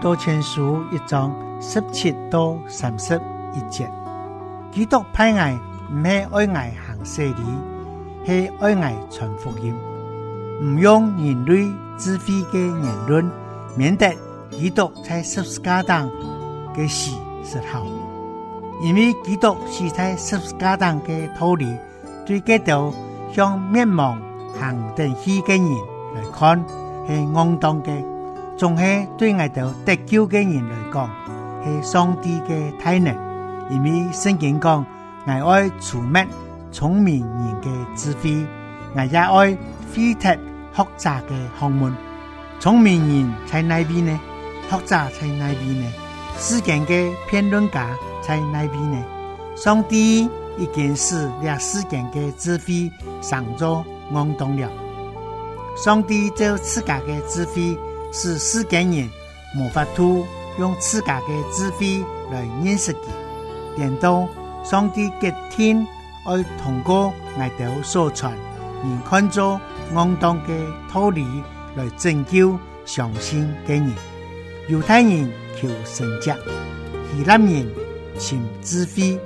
多前書一章十七到三十一節，基督派愛咩愛愛行洗禮，係愛愛傳福音，唔用人類智慧嘅言論，免得基督在十字架上嘅死失效，因為基督是在十字架上嘅道理，對基督向滅亡行定係嘅人嚟看係正當嘅。從係對外頭得救嘅人來講，係上帝嘅體能，因為聖經講，我愛儲明聰明人的智慧，我也愛飛特複雜嘅學問。聰明人才哪邊呢？複雜在哪邊呢？事件嘅評論家在哪邊呢？上帝已經是讓事件嘅智慧上桌，懵懂了。上帝就自家嘅智慧。是世間人無法度用自家的智慧來認識嘅，連到上帝嘅天愛通過愛到所傳，而看作正當的道理來拯救相信的人。猶太人求神迹，希臘人求智慧，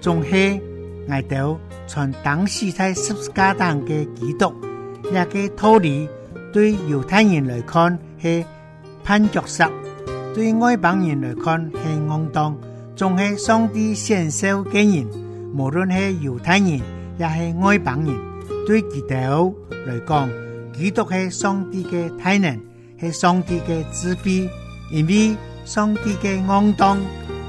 中西愛到傳東西在十字架頂嘅基督，也給脫離。對猶太人來看係絆腳石，對外邦人來看係暗檔，仲係上帝先收嘅人。無論係猶太人也係外邦人，對基督徒嚟講，基督係上帝嘅體能，係上帝嘅智慧。因為上帝嘅暗檔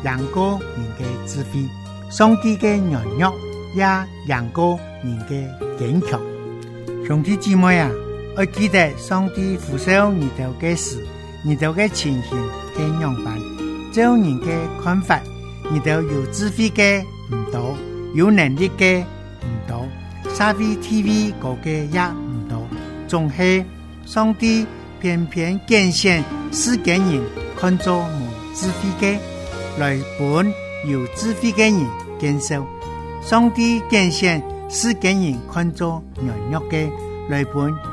讓過人嘅智慧，上帝嘅軟弱也讓過人嘅堅強。兄弟姊妹啊！我記得上帝扶手遇到嘅事，遇到嘅情形，點樣辦？照你嘅看法，遇到有智慧嘅唔多，有能力嘅唔多，沙發 TV 嗰嘅也唔多，仲係上帝偏偏揀選世間人看，看做無智慧嘅來本有智慧嘅人接受；上帝揀選世間人，看人，看做軟弱嘅來本。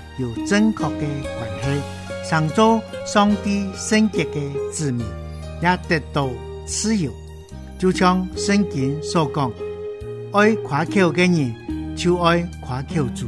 有正確嘅關係，上主上帝聖潔嘅子民，也得到自由。就像聖經所講，愛誇口嘅人就愛誇口主。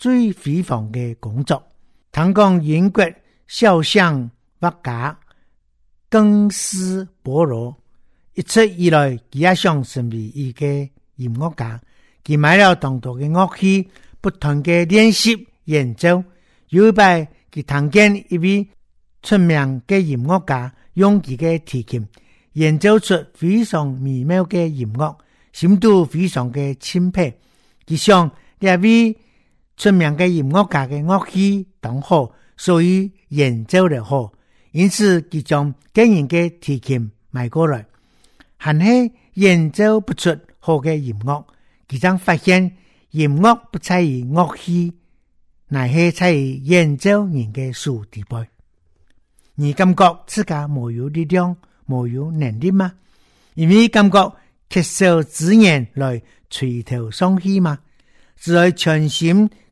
最輝煌嘅工作。聽講英國肖像畫家，庚斯博羅。一直以來，佢一向成為一個音樂家。佢買了眾多嘅樂器，不斷嘅練習演奏。有擺，佢聽見一位出名嘅音樂家用佢嘅提琴演奏出非常美妙嘅音樂，深度非常嘅欽佩。佢想一位。出名嘅音樂家嘅樂器懂何，所以演奏得好，因此佢將經營嘅提琴買過來。但係演奏不出好嘅音樂，佢將發現音樂不在於樂器，乃係在於演奏人嘅素質背。你感覺自家冇有力量、冇有能力嗎？因為你感覺缺少資源來垂頭喪氣嗎？只係全心。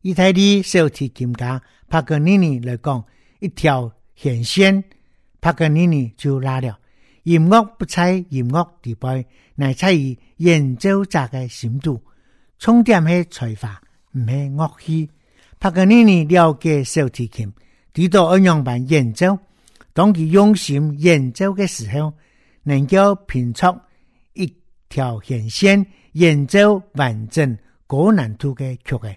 一台的小提琴家帕格尼尼來講，一條弦線，帕格尼尼就拉了。音樂不在，音樂地位乃在於演奏者的深度。重點係才華，唔係樂器。帕格尼尼了解小提琴，知道怎樣辦演奏。當佢用，用心演奏嘅時候，能夠憑出一條弦線，演奏完整高難度嘅曲嘅。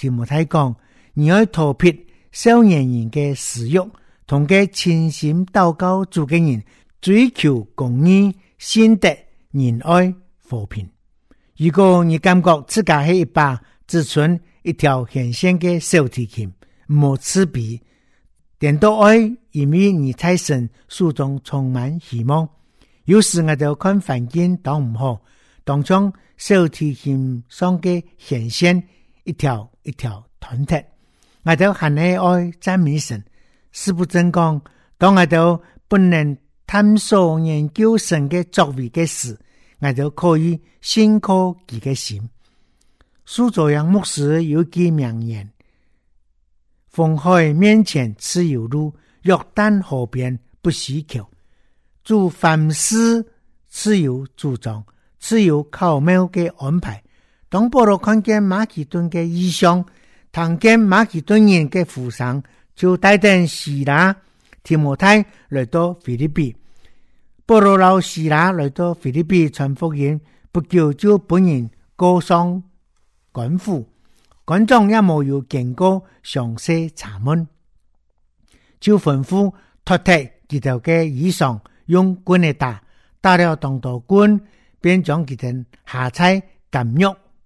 提摩太講，你要逃避少年人嘅私欲，同嘅清心禱告，做嘅人追求公義、心得仁愛、和平。如果你感覺自家係一把只存一條弦線嘅小提琴，唔好自卑但都愛因為你太神，書中充滿希望。有時我就看環境當唔好，當中小提琴上嘅弦線一條。一條通途，我到很喜愛讚美神，是不真講。當我到不能探索研究神嘅作為嘅時，我就可以信靠己嘅心。蘇佐揚牧師有句名言：“風海面前自有路，若丹河邊不系橋。”做凡事自有主張，自有巧妙嘅安排。當保羅看見馬其頓的異象，看見馬其頓人嘅服裳，就帶定西拉、提摩太來到腓立比。保羅老西拉來到腓立比傳福音，不久就被人告上官府，官長也冇有經過詳細查問，就吩咐脱掉佢哋嘅衣裳，用棍嚟打，打了當道官，便將其人下菜禁獄。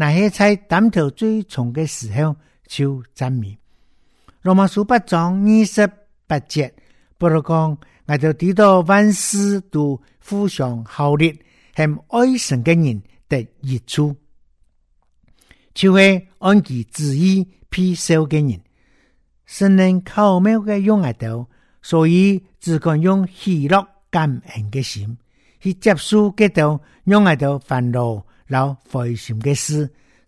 那些在擔頭最重的時候就證明，《羅馬書》八章二十八節，不如講，我兜知道萬事都互相效力，向愛神嘅人得益處，就會安其旨意被召嘅人，聖靈巧妙嘅用我兜，所以只管用喜樂感恩嘅心去接受，接到用我兜煩惱煩惱灰心嘅事。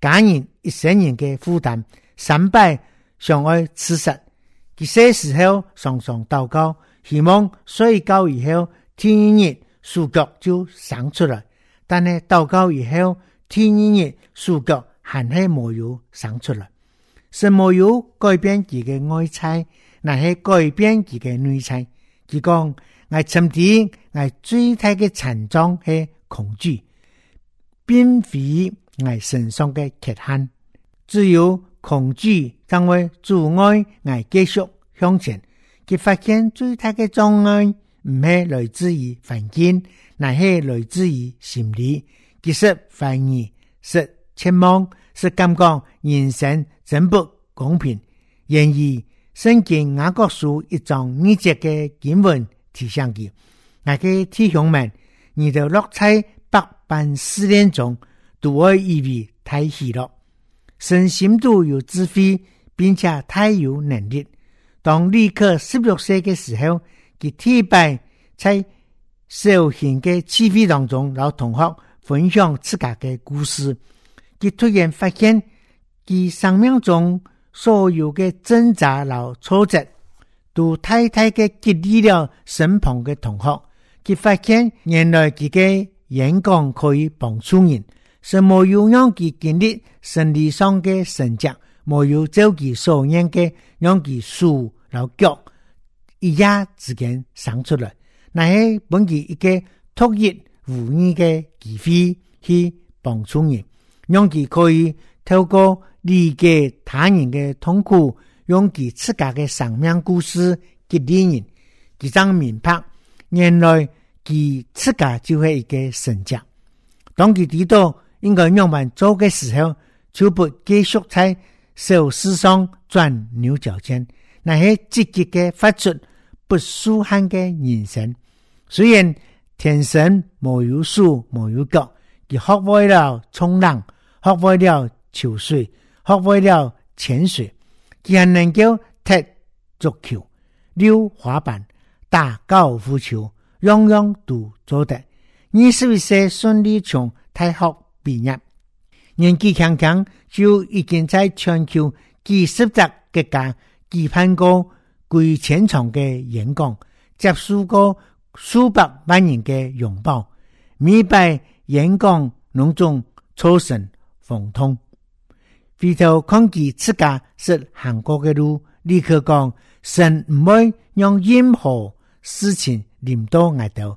假如一些人嘅負擔、三病想愛自殺，佢細時候常常禱告，希望睡覺以後聽日手腳就生出來，但係禱告以後聽日手腳還是冇有生出來，是冇有改變自己外在，乃係改變自己內在。佢講：我曾經我最大嘅殘障係恐懼，並非。我身上的缺陷，只有恐懼才會阻礙我繼續向前。他發現最大的障礙，唔係來自於環境，乃係來自於心理。其實，懷疑是期望，是感覺人生真不公平。然而，聖經雅各書一章二節嘅經文，提醒佢：我嘅弟兄們，你在落在百般試煉中。都以為太細了，身心都有智慧，並且太有能力。當旅客十六歲的時候，佢特別在小型的聚會當中，同同學分享自家的故事。他突然發現，他生命中所有的掙扎和、和挫折，都太太嘅激勵了身旁的同學。他發現原來他的眼光可以幫助人。是冇要讓其建立心理上的成長，冇要早佢雙眼的，讓其樹老腳，一夜之間生出來，那係本佢一個獨一無二的機會去幫助人，讓其可以透過理解他人嘅痛苦，讓其自家嘅生命故事激勵人，佢真明白原來佢自家就是一個成長，當佢知道。應該讓民做的時候，就不繼續在小事上鑽牛角尖，那些積極嘅發出不舒行的眼神，雖然天生冇有手冇有腳，佢學會了衝浪，學會了泅水，學會了潛水，佢還能夠踢足球、溜滑板、打高爾夫球，樣樣都做得。你說是毋是，孫立強太好？畢業，年紀輕輕就已經在全球幾十,十個國家培訓過幾千場嘅演講，接受過數百萬人嘅擁抱，每被演講觀眾吵醒、放痛，回頭看住自家，是行過嘅路，立刻講神唔會讓任何事情連到外頭。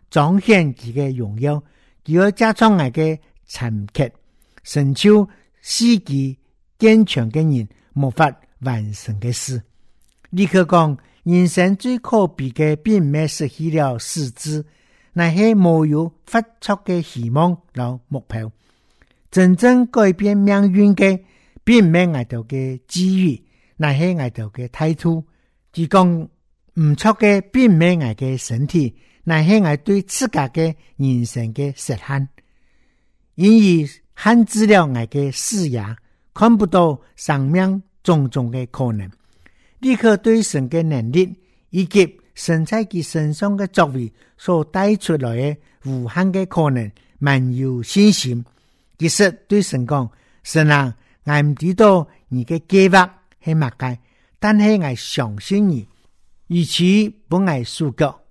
彰顯自己的榮耀，如果假裝的殘缺，成就自己堅強的人無法完成的事。你可講，人生最可悲的，並未失去了四肢，那些沒有發出的希望和目標，真正改變命運的，並未挨到的機遇，那些挨到嘅態度，只講唔錯的，並未挨的身體。乃係我對自家嘅人生嘅實現，因而限制了我嘅視野，看不到生命種種嘅可能。立刻對神嘅能力以及神在佢身上嘅作為所帶出來嘅無限嘅可能，滿有信心。其實對神講，神啊，我唔知道你嘅計劃係乜解，但係我相信你，與其不愛輸嘅。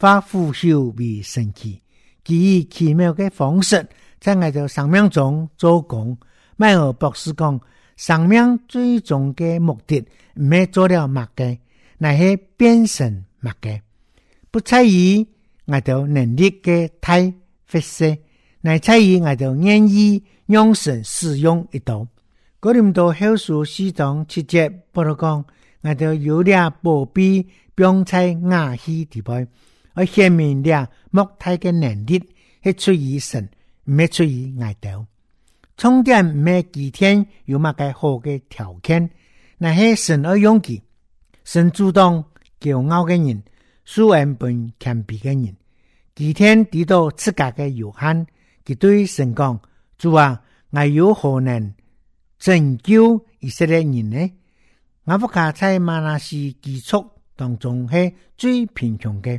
化腐朽為神奇，奇異奇妙嘅方式，在我哋生命中做工。邁爾博士講，生命最終嘅目的唔係做了物嘅，乃是變成物嘅。不在於我哋能力嘅太發生，乃在於我哋願意用神使用一道。哥林多後書中七節接保羅講，我哋有兩寶貝，並且瓦器地背。我前面啲莫太的能力係出於神，沒係出於外道。充電沒係幾天，有麼個好的條件？那些神而擁擠、神阻擋驕傲的人、使原本謙卑的人，幾天得到自家的有限，佢對神講。主啊，我有何能拯救以色列人呢？我唔卡在瑪拿西支派當中是最貧窮的。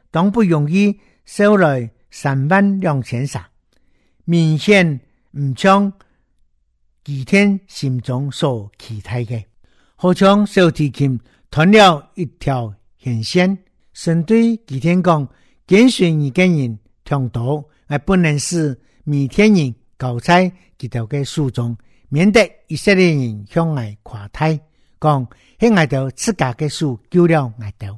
好不容易收來三萬兩千殺，明顯唔像基甸心中所期待嘅，好像小提琴斷了一條弦線。先對基甸講：，揀選一個人搶奪，係不能使米甸人交在一條嘅手中，免得以色列人向外誇口，講喺外頭自家嘅手救了外頭。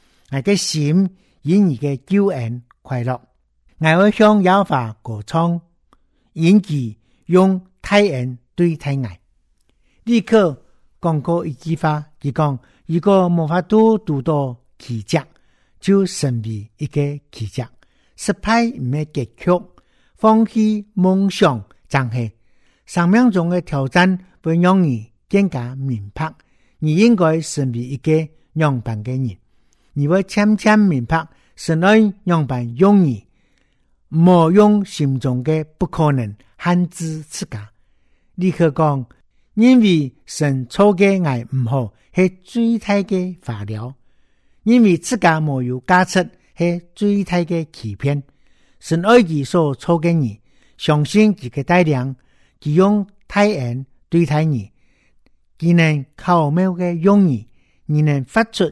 我嘅心因你嘅救恩快樂，我好向優花歌唱演技，用太陽對太陽，立刻講過一句話，佢講如果冇法度達到奇迹，就成為一個奇迹。失敗唔係結局，放棄夢想真係生命中嘅挑戰，會讓你更加明白，你應該成為一個勇敢嘅人。你會漸漸明白，神愛樣般容易，無用心中的不可能限制自家。立刻講，因為神錯嘅愛唔好，係最大嘅法療；因為自家無有價值，係最大嘅欺騙。神愛己所錯嘅你，相信自己力量，佢用太陽對待你，佢能巧妙嘅用你，你能發出，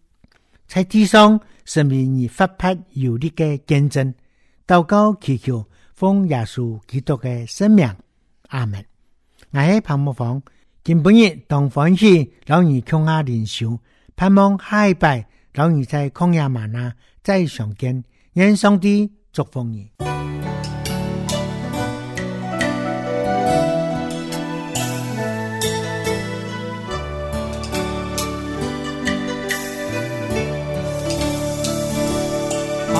在地上，神為你發派有力嘅見證，禱告祈求，奉耶穌基督嘅聖名。阿門。挨喺泡木房，今本日同房時，老二曠野靈修，盼望下禮拜，老二在曠野嗎哪，再上見，願上帝祝福你。